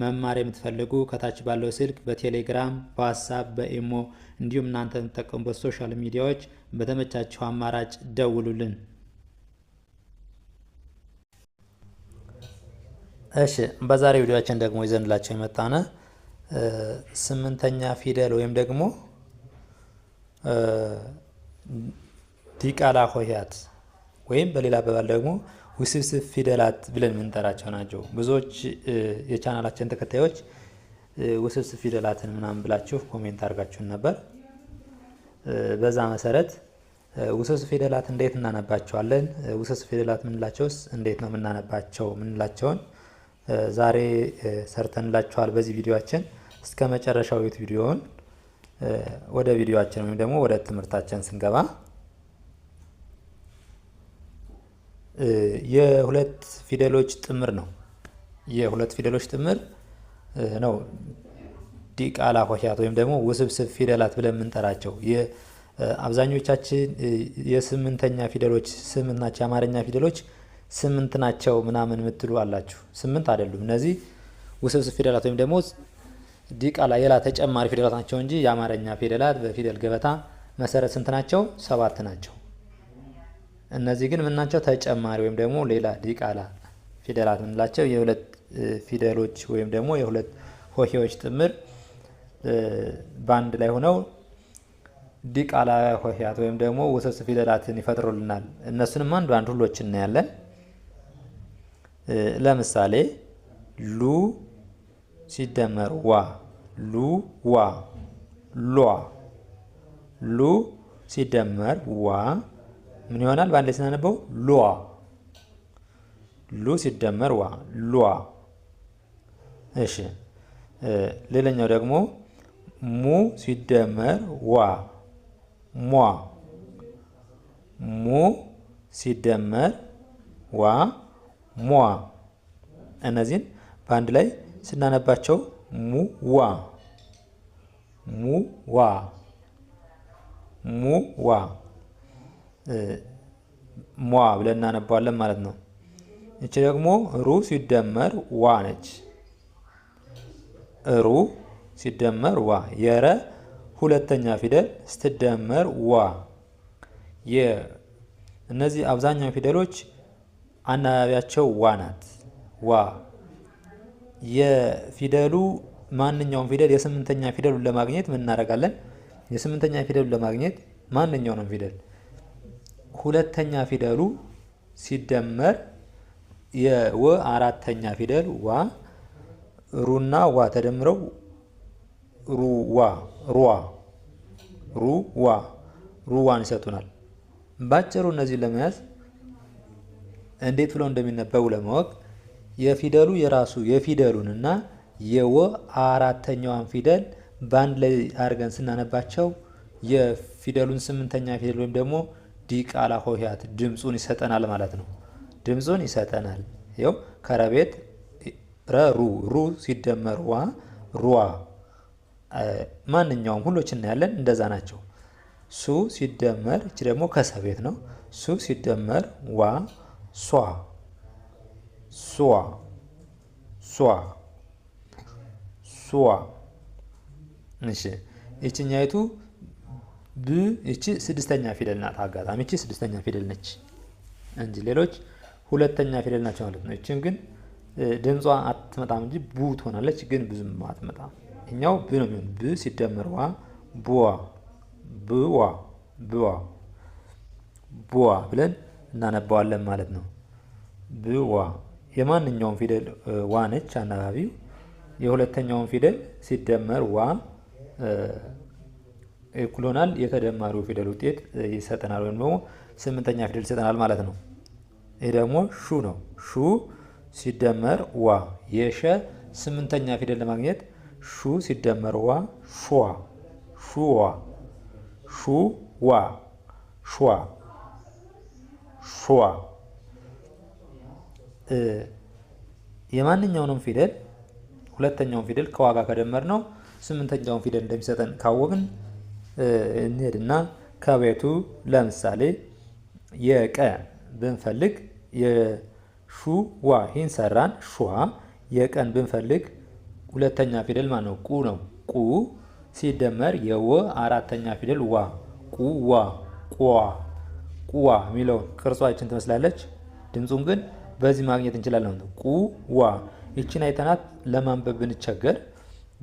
መማር የምትፈልጉ ከታች ባለው ስልክ በቴሌግራም በዋትሳፕ በኢሞ እንዲሁም እናንተ የምትጠቀሙበት ሶሻል ሚዲያዎች በተመቻቸው አማራጭ ደውሉልን። እሺ በዛሬ ቪዲዮችን ደግሞ ይዘንላቸው የመጣነ ስምንተኛ ፊደል ወይም ደግሞ ዲቃላ ሆሄያት ወይም በሌላ አባባል ደግሞ ውስብስብ ፊደላት ብለን የምንጠራቸው ናቸው። ብዙዎች የቻናላችን ተከታዮች ውስብስብ ፊደላትን ምናምን ብላችሁ ኮሜንት አድርጋችሁን ነበር። በዛ መሰረት ውስብስብ ፊደላት እንዴት እናነባቸዋለን? ውስብስብ ፊደላት ምንላቸውስ እንዴት ነው የምናነባቸው? ምንላቸውን ዛሬ ሰርተንላችኋል በዚህ ቪዲዮችን እስከ መጨረሻው ቪዲዮውን ወደ ቪዲዮችን ወይም ደግሞ ወደ ትምህርታችን ስንገባ የሁለት ፊደሎች ጥምር ነው። የሁለት ፊደሎች ጥምር ነው ዲቃላ ሆሄያት ወይም ደግሞ ውስብስብ ፊደላት ብለን የምንጠራቸው አብዛኞቻችን የስምንተኛ ፊደሎች ስምንት ናቸው። የአማርኛ ፊደሎች ስምንት ናቸው ምናምን የምትሉ አላችሁ። ስምንት አይደሉም። እነዚህ ውስብስብ ፊደላት ወይም ደግሞ ዲቃላ የላ ተጨማሪ ፊደላት ናቸው እንጂ የአማርኛ ፊደላት በፊደል ገበታ መሰረት ስንት ናቸው? ሰባት ናቸው። እነዚህ ግን ምናቸው ተጨማሪ ወይም ደግሞ ሌላ ዲቃላ ፊደላት ምንላቸው የሁለት ፊደሎች ወይም ደግሞ የሁለት ሆሄዎች ጥምር በአንድ ላይ ሆነው ዲቃላ ሆሄያት ወይም ደግሞ ውስብስ ፊደላትን ይፈጥሩልናል። እነሱንም አንድ አንድ ሁሎች እናያለን። ለምሳሌ ሉ ሲደመር ዋ ሉ ዋ ሏ ሉ ሲደመር ዋ ምን ይሆናል? በአንድ ላይ ስናነበው ሉዋ። ሉ ሲደመር ዋ ሉዋ። እሺ፣ ሌላኛው ደግሞ ሙ ሲደመር ዋ ሟ። ሙ ሲደመር ዋ ሟ። እነዚህን በአንድ ላይ ስናነባቸው ሙ ዋ ሙ ዋ ሙ ዋ ሟ ብለን እናነባዋለን ማለት ነው። እቺ ደግሞ ሩ ሲደመር ዋ ነች። ሩ ሲደመር ዋ የረ ሁለተኛ ፊደል ስትደመር ዋ እነዚህ አብዛኛው ፊደሎች አናባቢያቸው ዋ ናት። ዋ የፊደሉ ማንኛውም ፊደል የስምንተኛ ፊደሉን ለማግኘት ምን እናደርጋለን? የስምንተኛ ፊደሉን ለማግኘት ማንኛውንም ፊደል ሁለተኛ ፊደሉ ሲደመር የወ አራተኛ ፊደል ዋ ሩና ዋ ተደምረው ሩዋ ሩዋ ሩዋ ሩዋን ይሰጡናል። ባጭሩ እነዚህን ለመያዝ እንዴት ብለው እንደሚነበቡ ለማወቅ የፊደሉ የራሱ የፊደሉን እና የወ አራተኛዋን ፊደል በአንድ ላይ አድርገን ስናነባቸው የፊደሉን ስምንተኛ ፊደል ወይም ደግሞ ዲቃላ ሆሄያት ድምፁን ይሰጠናል ማለት ነው። ድምፁን ይሰጠናል። ይኸው ከረቤት ረሩ ሩ ሲደመር ዋ ሩዋ ማንኛውም ሁሎች እናያለን እንደዛ ናቸው። ሱ ሲደመር እች ደግሞ ከሰቤት ነው። ሱ ሲደመር ዋ ሷ ሷ ሷ ሷ እሺ ይችኛይቱ ብ እቺ ስድስተኛ ፊደል ናት። አጋጣሚ እቺ ስድስተኛ ፊደል ነች እንጂ ሌሎች ሁለተኛ ፊደል ናቸው ማለት ነው። እቺን ግን ድምጿ አትመጣም እንጂ ቡ ትሆናለች፣ ግን ብዙም አትመጣም። እኛው ብ ነው የሚሆን። ብ ሲደመር ዋ ቡዋ፣ ብዋ፣ ብዋ፣ ቡዋ ብለን እናነባዋለን ማለት ነው። ብዋ የማንኛውም ፊደል ዋ ነች አናባቢው። የሁለተኛውን ፊደል ሲደመር ዋ ኩሎናል የተደማሪው ፊደል ውጤት ይሰጠናል፣ ወይም ደግሞ ስምንተኛ ፊደል ይሰጠናል ማለት ነው። ይህ ደግሞ ሹ ነው። ሹ ሲደመር ዋ የሸ ስምንተኛ ፊደል ለማግኘት ሹ ሲደመር ዋ ሹዋ ሹዋ ሹዋ ሹዋ ሹዋ የማንኛውንም ፊደል ሁለተኛውን ፊደል ከዋጋ ከደመር ነው ስምንተኛውን ፊደል እንደሚሰጠን ካወቅን እንሄድና ከቤቱ ለምሳሌ የቀ ብንፈልግ የሹ ዋ ይህን ሰራን ሹዋ የቀን ብንፈልግ ሁለተኛ ፊደል ማ ነው ቁ ነው ቁ ሲደመር የወ አራተኛ ፊደል ዋ ቁ ዋ ቁዋ ቁዋ የሚለውን ቅርጿችን ትመስላለች። ድምፁን ግን በዚህ ማግኘት እንችላለን። ቁ ዋ ይችን አይተናት ለማንበብ ብንቸገር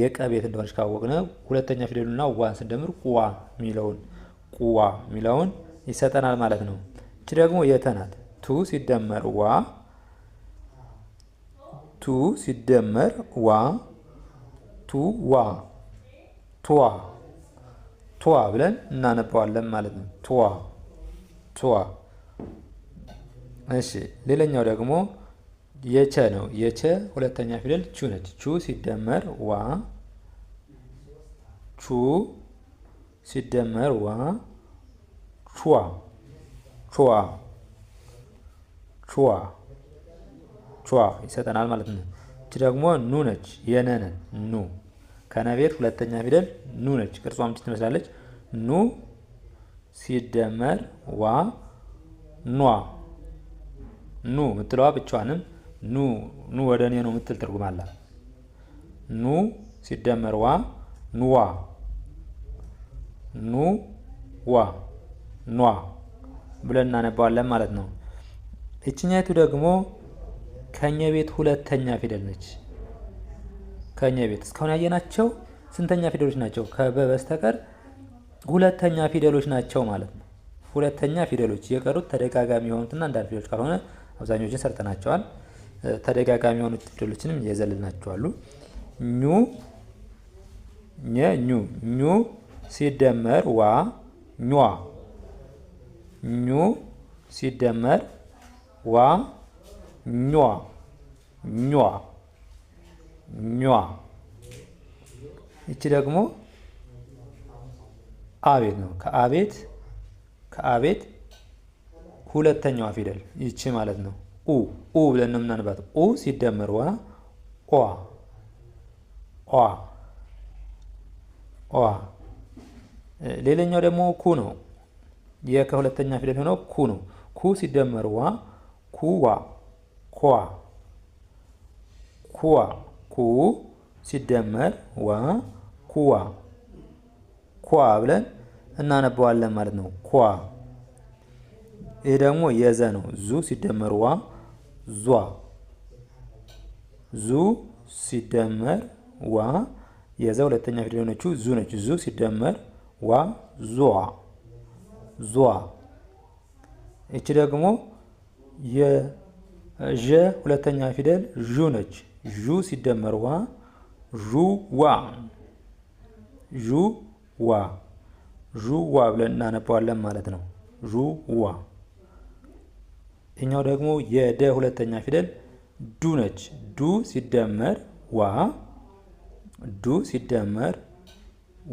የቀ ቤት እንደሆነች ካወቅነ ሁለተኛ ፊደሉና ዋን ስንደምር ቁዋ የሚለውን ቁዋ የሚለውን ይሰጠናል ማለት ነው። እቺ ደግሞ የተናት ቱ ሲደመር ዋ ቱ ሲደመር ዋ ቱ ዋ ቱዋ ቱዋ ብለን እናነባዋለን ማለት ነው። ቱዋ ቱዋ። እሺ ሌላኛው ደግሞ የቸ ነው። የቸ ሁለተኛ ፊደል ቹ ነች። ቹ ሲደመር ዋ፣ ቹ ሲደመር ዋ፣ ቹዋ፣ ቹዋ፣ ቹዋ፣ ቹዋ ይሰጠናል ማለት ነው። እቺ ደግሞ ኑ ነች። የነነን ኑ ከነቤት ሁለተኛ ፊደል ኑ ነች። ቅርጿም ምች ትመስላለች። ኑ ሲደመር ዋ፣ ኗ፣ ኑ ምትለዋ ብቻዋንም ኑ ኑ ወደ እኔ ነው የምትል ትርጉም አላት። ኑ ሲደመር ዋ ኑዋ ኑ ዋ ኗ ብለን እናነባዋለን ማለት ነው። ይችኛይቱ ደግሞ ከኛ ቤት ሁለተኛ ፊደል ነች። ከኛ ቤት እስካሁን ያየናቸው ስንተኛ ፊደሎች ናቸው? ከበ በስተቀር ሁለተኛ ፊደሎች ናቸው ማለት ነው። ሁለተኛ ፊደሎች የቀሩት ተደጋጋሚ የሆኑትና አንዳንድ ፊደሎች ካልሆነ አብዛኞችን ሰርተናቸዋል። ተደጋጋሚ የሆኑ ፊደሎችንም እየዘለልናቸው አሉ። ኙ ኙ ኙ ሲደመር ዋ ኟ ኙ ሲደመር ዋ ኟ ኟ ኟ ይቺ ደግሞ አቤት ነው። ከአቤት ከአቤት ሁለተኛዋ ፊደል ይቺ ማለት ነው። ኡ ኡ ብለን ነው የምናንባት። ኡ ሲደመር ዋ ኦ ኦ ሌላኛው ደግሞ ኩ ነው። የከሁለተኛ ፊደል ሆነው ኩ ነው። ኩ ሲደመር ዋ ኩዋ ኳ ኩዋ ኩ ሲደመር ዋ ኩዋ ኳ ብለን እናነበዋለን ማለት ነው። ኳ ይህ ደግሞ የዘ ነው። ዙ ሲደመር ዋ ዟ ዙ ሲደመር ዋ የዘ ሁለተኛ ፊደል የሆነችው ዙ ነች። ዙ ሲደመር ዋ ዟ ዟ። ይቺ ደግሞ የዠ ሁለተኛ ፊደል ዡ ነች። ዡ ሲደመር ዋ ዡ ዋ ዡ ዋ ዡ ዋ ብለን እናነባዋለን ማለት ነው። ዡ ዋ እኛው ደግሞ የደ ሁለተኛ ፊደል ዱ ነች። ዱ ሲደመር ዋ ዱ ሲደመር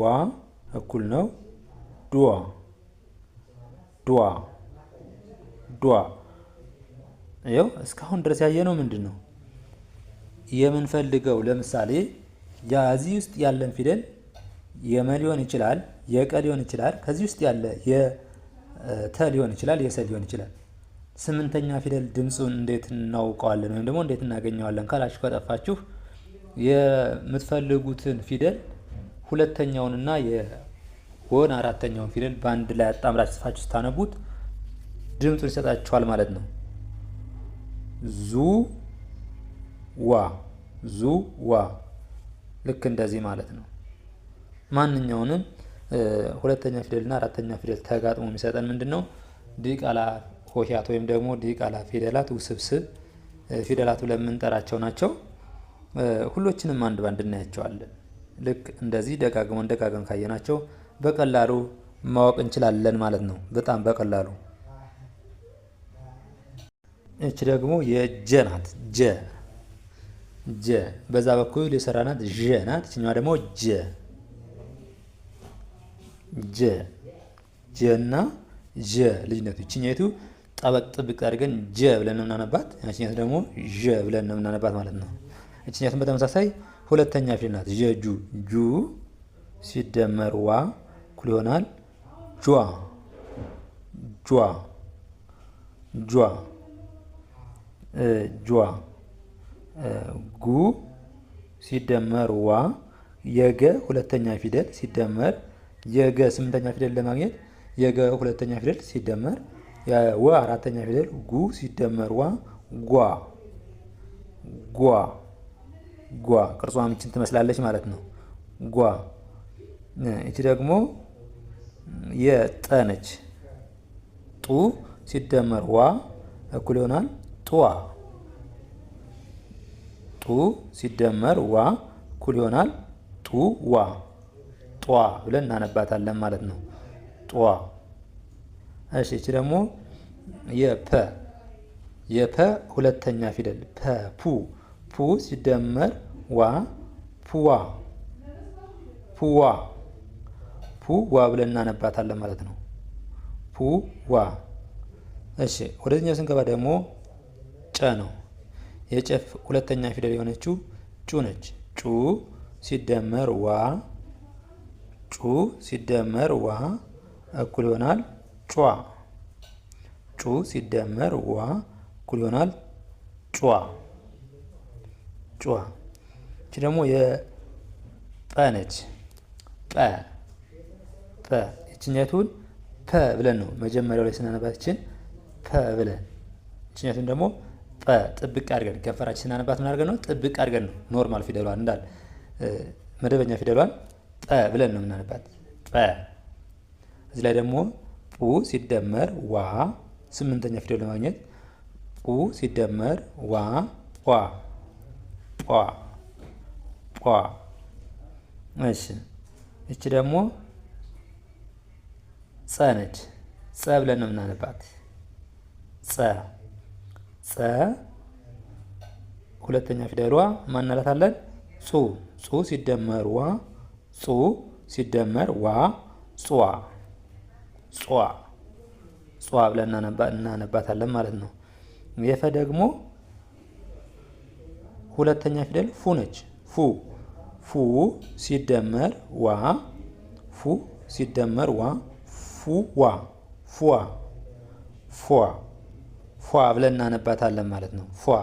ዋ እኩል ነው ዱዋ ዱዋ ዱዋ። ይኸው እስካሁን ድረስ ያየነው ምንድን ነው የምንፈልገው? ለምሳሌ እዚህ ውስጥ ያለን ፊደል የመ ሊሆን ይችላል፣ የቀ ሊሆን ይችላል። ከዚህ ውስጥ ያለ የተ ሊሆን ይችላል፣ የሰ ሊሆን ይችላል። ስምንተኛ ፊደል ድምፁን እንዴት እናውቀዋለን ወይም ደግሞ እንዴት እናገኘዋለን ካላችሁ ከጠፋችሁ የምትፈልጉትን ፊደል ሁለተኛውንና የሆን አራተኛውን ፊደል በአንድ ላይ አጣምራችሁ ጽፋችሁ ስታነቡት ድምፁን ይሰጣችኋል ማለት ነው። ዙ ዋ ዙ ዋ ልክ እንደዚህ ማለት ነው። ማንኛውንም ሁለተኛ ፊደልና አራተኛ ፊደል ተጋጥሞ የሚሰጠን ምንድን ነው? ዲቃላ ሆሄያት ወይም ደግሞ ዲቃላ ፊደላት ውስብስብ ፊደላት ብለን የምንጠራቸው ናቸው። ሁሎችንም አንድ ባንድ እናያቸዋለን። ልክ እንደዚህ ደጋግመን ደጋግመን ካየናቸው በቀላሉ ማወቅ እንችላለን ማለት ነው። በጣም በቀላሉ እች ደግሞ የጀ ናት። ጀ ጀ በዛ በኩል የሰራናት ናት ዠ ናት። እችኛዋ ደግሞ ጀ ጀ ጀና ጀ ልጅነቱ እችኛቱ ጠበቅ ጥብቅ አድርገን ጀ ብለን ነው የምናነባት። ያችኛት ደግሞ ዠ ብለን ነው የምናነባት ማለት ነው። እችኛትን በተመሳሳይ ሁለተኛ ፊደል ናት። ዠ ጁ ጁ ሲደመር ዋ እኩል ይሆናል ጇ ጇ ጇ ጇ ጉ ሲደመር ዋ የገ ሁለተኛ ፊደል ሲደመር የገ ስምንተኛ ፊደል ለማግኘት የገ ሁለተኛ ፊደል ሲደመር የወ አራተኛ ፊደል ጉ ሲደመር ዋ ጓ ጓ ጓ ቅርጿ ምችን ትመስላለች ማለት ነው። ጓ እቺ ደግሞ የጠነች ጡ ሲደመር ዋ እኩል ይሆናል ጡዋ ጡ ሲደመር ዋ እኩል ይሆናል ጡ ዋ ጧ ብለን እናነባታለን ማለት ነው። ጧ እሺ እቺ ደግሞ የፐ የፐ ሁለተኛ ፊደል ፐ ፑ ፑ ሲደመር ዋ ፑዋ ፑዋ ፑ ዋ ብለን እናነባታለን ማለት ነው። ፑ ዋ። እሺ ወደዚህኛው ስንገባ ደግሞ ጨ ነው። የጨፍ ሁለተኛ ፊደል የሆነችው ጩ ነች። ጩ ሲደመር ዋ ጩ ሲደመር ዋ እኩል ይሆናል ጯ ጩ ሲደመር ዋ እኩል ይሆናል ጯ ጯ። ይቺ ደግሞ የጰ ነች። ጰ ጰ ይችኛቱን ፐ ብለን ነው መጀመሪያው ላይ ስናነባት ይችን ፐ ብለን ይችኛቱን ደግሞ ጰ ጥብቅ አድርገን ከንፈራችን ስናነባት ምን አድርገን ነው ጥብቅ አድርገን ነው ኖርማል ፊደሏን እንዳል መደበኛ ፊደሏን ጰ ብለን ነው የምናነባት ጰ። እዚህ ላይ ደግሞ ፑ ሲደመር ዋ ስምንተኛ ፊደል ለማግኘት ፑ ሲደመር ዋ ዋ ዋ ዋ። እሺ እቺ ደግሞ ጸነች ጸ ብለን ነው የምናነባት። ጸ ጸ ሁለተኛ ፊደሏ ማናላታለን ጹ ጹ ሲደመር ዋ ጹ ሲደመር ዋ ጹዋ ጽዋ ጽዋ ብለን እናነባታለን ማለት ነው። የፈ ደግሞ ሁለተኛ ፊደል ፉ ነች። ፉ ፉ ሲደመር ዋ ፉ ሲደመር ዋ ፉ ዋ ፏ ፏ ብለን እናነባታለን ማለት ነው። ፏ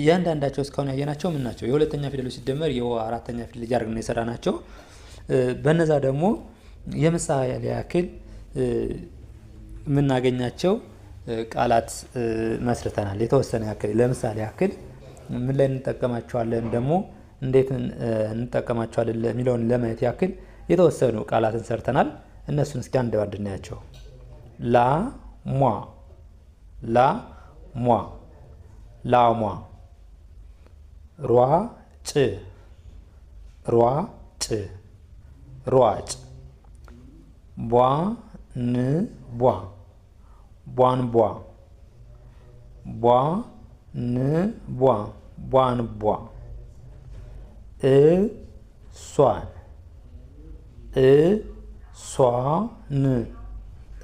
እያንዳንዳቸው እስካሁን ያየናቸው ምን ናቸው? የሁለተኛ ፊደሎች ሲደመር የዋ አራተኛ ፊደል እያደረግን የሰራ ናቸው። በነዛ ደግሞ የምሳሌ ያክል የምናገኛቸው ቃላት መስርተናል። የተወሰነ ያክል ለምሳሌ ያክል ምን ላይ እንጠቀማቸዋለን ደግሞ እንዴት እንጠቀማቸዋለን የሚለውን ለማየት ያክል የተወሰኑ ቃላትን ሰርተናል። እነሱን እስኪ አንድ ባንድ እናያቸው። ላ ሟ ላ ሟ ላሟ ሯ ጭ ሯ ጭ ሯጭ ቧ ንቧ ቧንቧ ቧ ንቧ ቧንቧ እሷን እሷን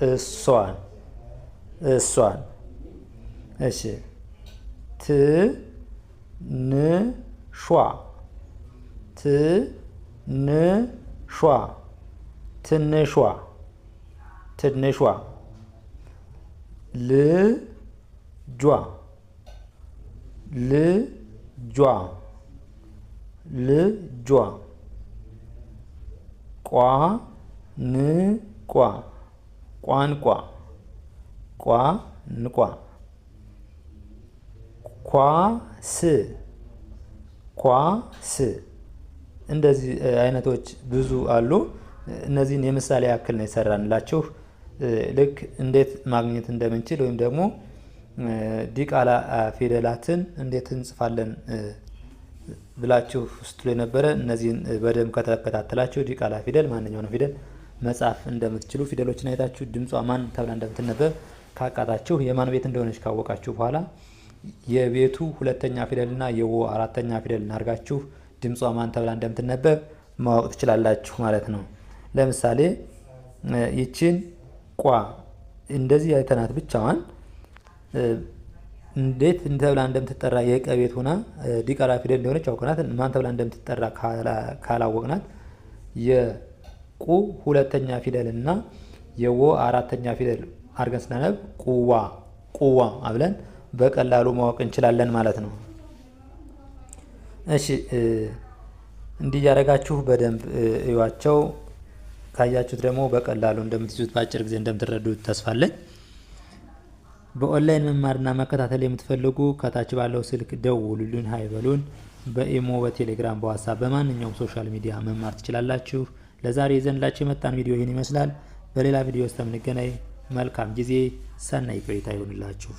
እሷን እሷን እሺ ትንሿ ትንሿ ትንሿ ትንሿ ልጇ ልጇ ልጇ ቋንቋ ቋንቋ ቋንቋ ኳስ ኳስ እንደዚህ አይነቶች ብዙ አሉ። እነዚህን የምሳሌ ያክል ነው የሰራንላችሁ። ልክ እንዴት ማግኘት እንደምንችል ወይም ደግሞ ዲቃላ ፊደላትን እንዴት እንጽፋለን ብላችሁ ስትሉ የነበረ እነዚህን በደንብ ከተከታተላችሁ ዲቃላ ፊደል ማንኛውንም ፊደል መጻፍ እንደምትችሉ ፊደሎችን አይታችሁ ድምጿ ማን ተብላ እንደምትነበብ ካቃታችሁ የማን ቤት እንደሆነች ካወቃችሁ በኋላ የቤቱ ሁለተኛ ፊደልና የወ አራተኛ ፊደል አድርጋችሁ ድምጿ ማን ተብላ እንደምትነበብ ማወቅ ትችላላችሁ ማለት ነው። ለምሳሌ ይችን ቋ እንደዚህ አይተናት ብቻዋን እንዴት ተብላ እንደምትጠራ የቀ ቤት ሆና ዲቃላ ፊደል እንደሆነች አውቀናት። ማን ተብላ እንደምትጠራ ካላወቅናት የቁ ሁለተኛ ፊደል እና የወ አራተኛ ፊደል አድርገን ስናነብ ቁዋ ቁዋ አብለን በቀላሉ ማወቅ እንችላለን ማለት ነው። እሺ እንዲህ ያደረጋችሁ በደንብ እዩዋቸው። ካያችሁት ደግሞ በቀላሉ እንደምትይዙት በአጭር ጊዜ እንደምትረዱት ተስፋለኝ። በኦንላይን መማርና መከታተል የምትፈልጉ ከታች ባለው ስልክ ደውሉልን፣ ሃይ በሉን። በኢሞ፣ በቴሌግራም፣ በዋትሳፕ በማንኛውም ሶሻል ሚዲያ መማር ትችላላችሁ። ለዛሬ ይዘንላችሁ የመጣን ቪዲዮ ይህን ይመስላል። በሌላ ቪዲዮ እስከምንገናኝ መልካም ጊዜ፣ ሰናይ ቆይታ ይሆንላችሁ።